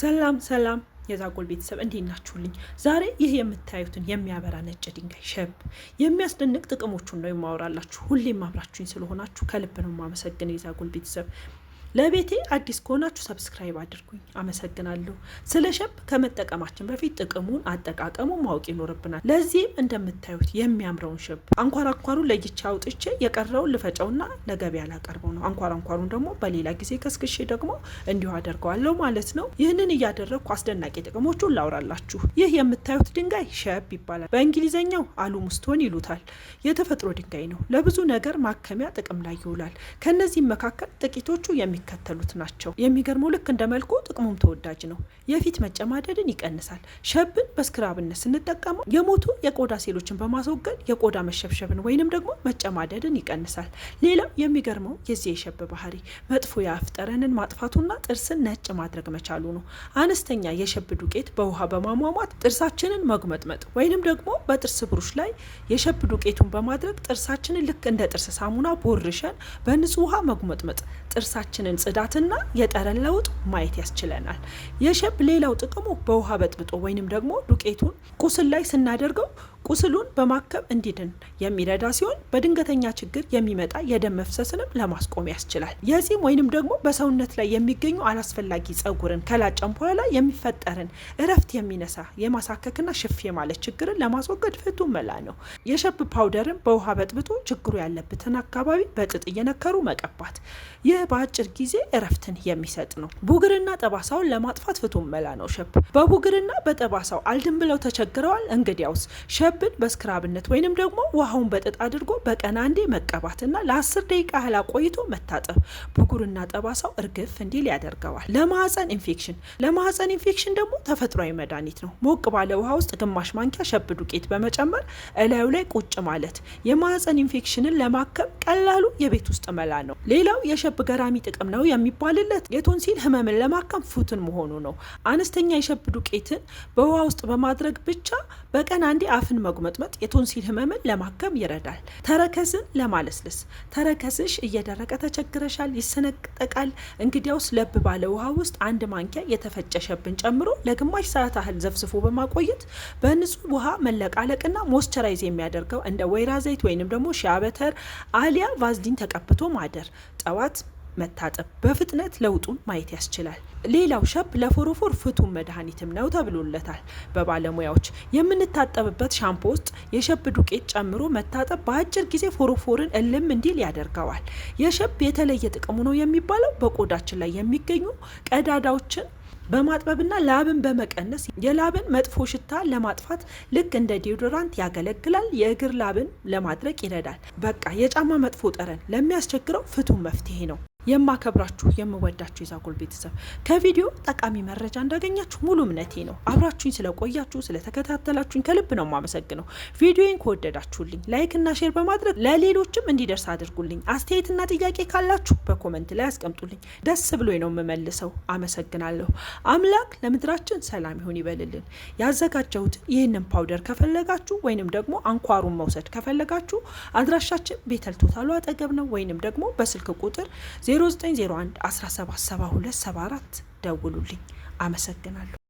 ሰላም ሰላም የዛጎል ቤተሰብ እንዴት ናችሁልኝ? ዛሬ ይህ የምታዩትን የሚያበራ ነጭ ድንጋይ ሸብ የሚያስደንቅ ጥቅሞቹን ነው የማወራላችሁ። ሁሌም አብራችሁኝ ስለሆናችሁ ከልብ ነው የማመሰግነው የዛጎል ቤተሰብ። ለቤቴ አዲስ ከሆናችሁ ሰብስክራይብ አድርጉኝ። አመሰግናለሁ። ስለ ሸብ ከመጠቀማችን በፊት ጥቅሙን አጠቃቀሙ ማወቅ ይኖርብናል። ለዚህም እንደምታዩት የሚያምረውን ሸብ አንኳር አንኳሩን ለይቼ አውጥቼ የቀረውን ልፈጨውና ለገበያ ላቀርበው ነው። አንኳር አንኳሩን ደግሞ በሌላ ጊዜ ከስክሼ ደግሞ እንዲሁ አደርገዋለሁ ማለት ነው። ይህንን እያደረግኩ አስደናቂ ጥቅሞቹን ላውራላችሁ። ይህ የምታዩት ድንጋይ ሸብ ይባላል። በእንግሊዝኛው አሉሙስቶን ይሉታል። የተፈጥሮ ድንጋይ ነው። ለብዙ ነገር ማከሚያ ጥቅም ላይ ይውላል። ከእነዚህም መካከል ጥቂቶቹ የሚ የሚከተሉት ናቸው። የሚገርመው ልክ እንደ መልኩ ጥቅሙም ተወዳጅ ነው። የፊት መጨማደድን ይቀንሳል። ሸብን በስክራብነት ስንጠቀመው የሞቱ የቆዳ ሴሎችን በማስወገድ የቆዳ መሸብሸብን ወይንም ደግሞ መጨማደድን ይቀንሳል። ሌላው የሚገርመው የዚህ የሸብ ባህሪ መጥፎ የአፍ ጠረንን ማጥፋቱና ጥርስን ነጭ ማድረግ መቻሉ ነው። አነስተኛ የሸብ ዱቄት በውሃ በማሟሟት ጥርሳችንን መጉመጥመጥ ወይንም ደግሞ በጥርስ ብሩሽ ላይ የሸብ ዱቄቱን በማድረግ ጥርሳችንን ልክ እንደ ጥርስ ሳሙና ቦርሸን በንጹህ ውሃ መጉመጥመጥ ጥርሳችንን የሳሎንን ጽዳትና የጠረን ለውጥ ማየት ያስችለናል። የሼፕ ሌላው ጥቅሙ በውሃ በጥብጦ ወይንም ደግሞ ዱቄቱን ቁስል ላይ ስናደርገው ቁስሉን በማከም እንዲድን የሚረዳ ሲሆን በድንገተኛ ችግር የሚመጣ የደም መፍሰስንም ለማስቆም ያስችላል። የጺም ወይንም ደግሞ በሰውነት ላይ የሚገኙ አላስፈላጊ ጸጉርን ከላጨም በኋላ የሚፈጠርን እረፍት የሚነሳ የማሳከክና ሽፍ የማለት ችግርን ለማስወገድ ፍቱ መላ ነው። የሸብ ፓውደርን በውሃ በጥብቶ ችግሩ ያለበትን አካባቢ በጥጥ እየነከሩ መቀባት። ይህ በአጭር ጊዜ እረፍትን የሚሰጥ ነው። ቡግርና ጠባሳውን ለማጥፋት ፍቱ መላ ነው ሸብ። በቡግርና በጠባሳው አልድን ብለው ተቸግረዋል? እንግዲያውስ ሸብ ካለብን በስክራብነት ወይንም ደግሞ ውሃውን በጥጥ አድርጎ በቀን አንዴ መቀባትና ለአስር ደቂቃ ያህል ቆይቶ መታጠብ ብጉርና ጠባሳው እርግፍ እንዲል ያደርገዋል። ለማህፀን ኢንፌክሽን ለማህፀን ኢንፌክሽን ደግሞ ተፈጥሯዊ መድኃኒት ነው። ሞቅ ባለ ውሃ ውስጥ ግማሽ ማንኪያ ሸብ ዱቄት በመጨመር እላዩ ላይ ቁጭ ማለት የማህፀን ኢንፌክሽንን ለማከም ቀላሉ የቤት ውስጥ መላ ነው። ሌላው የሸብ ገራሚ ጥቅም ነው የሚባልለት የቶንሲል ህመምን ለማከም ፉትን መሆኑ ነው። አነስተኛ የሸብ ዱቄትን በውሃ ውስጥ በማድረግ ብቻ በቀን አንዴ አፍን መጉመጥመጥ የቶንሲል ህመምን ለማከም ይረዳል። ተረከዝን ለማለስለስ ተረከዝሽ እየደረቀ ተቸግረሻል፣ ይሰነጠቃል። እንግዲያውስ ለብ ባለ ውሃ ውስጥ አንድ ማንኪያ የተፈጨ ሸብን ጨምሮ ለግማሽ ሰዓት ያህል ዘፍዝፎ በማቆየት በንጹህ ውሃ መለቃለቅና ሞስቸራይዝ የሚያደርገው እንደ ወይራ ዘይት ወይንም ደግሞ ሻበተር አሊያ ቫዝሊን ተቀብቶ ማደር ጠዋት መታጠብ በፍጥነት ለውጡን ማየት ያስችላል። ሌላው ሸብ ለፎሮፎር ፍቱን መድኃኒትም ነው ተብሎለታል በባለሙያዎች። የምንታጠብበት ሻምፖ ውስጥ የሸብ ዱቄት ጨምሮ መታጠብ በአጭር ጊዜ ፎሮፎርን እልም እንዲል ያደርገዋል። የሸብ የተለየ ጥቅሙ ነው የሚባለው በቆዳችን ላይ የሚገኙ ቀዳዳዎችን በማጥበብና ላብን በመቀነስ የላብን መጥፎ ሽታ ለማጥፋት ልክ እንደ ዲዮዶራንት ያገለግላል። የእግር ላብን ለማድረቅ ይረዳል። በቃ የጫማ መጥፎ ጠረን ለሚያስቸግረው ፍቱን መፍትሄ ነው። የማከብራችሁ የምወዳችሁ የዛጎል ቤተሰብ ከቪዲዮ ጠቃሚ መረጃ እንዳገኛችሁ ሙሉ እምነቴ ነው። አብራችሁኝ ስለቆያችሁ ስለተከታተላችሁኝ ከልብ ነው የማመሰግነው። ቪዲዮን ከወደዳችሁልኝ ላይክና ሼር በማድረግ ለሌሎችም እንዲደርስ አድርጉልኝ። አስተያየትና ጥያቄ ካላችሁ በኮመንት ላይ አስቀምጡልኝ። ደስ ብሎኝ ነው የምመልሰው። አመሰግናለሁ። አምላክ ለምድራችን ሰላም ይሁን ይበልልን። ያዘጋጀሁት ይህንን ፓውደር ከፈለጋችሁ ወይንም ደግሞ አንኳሩን መውሰድ ከፈለጋችሁ አድራሻችን ቤተል ቶታሉ አጠገብ ነው ወይንም ደግሞ በስልክ ቁጥር 0901 177274 ደውሉልኝ። አመሰግናለሁ።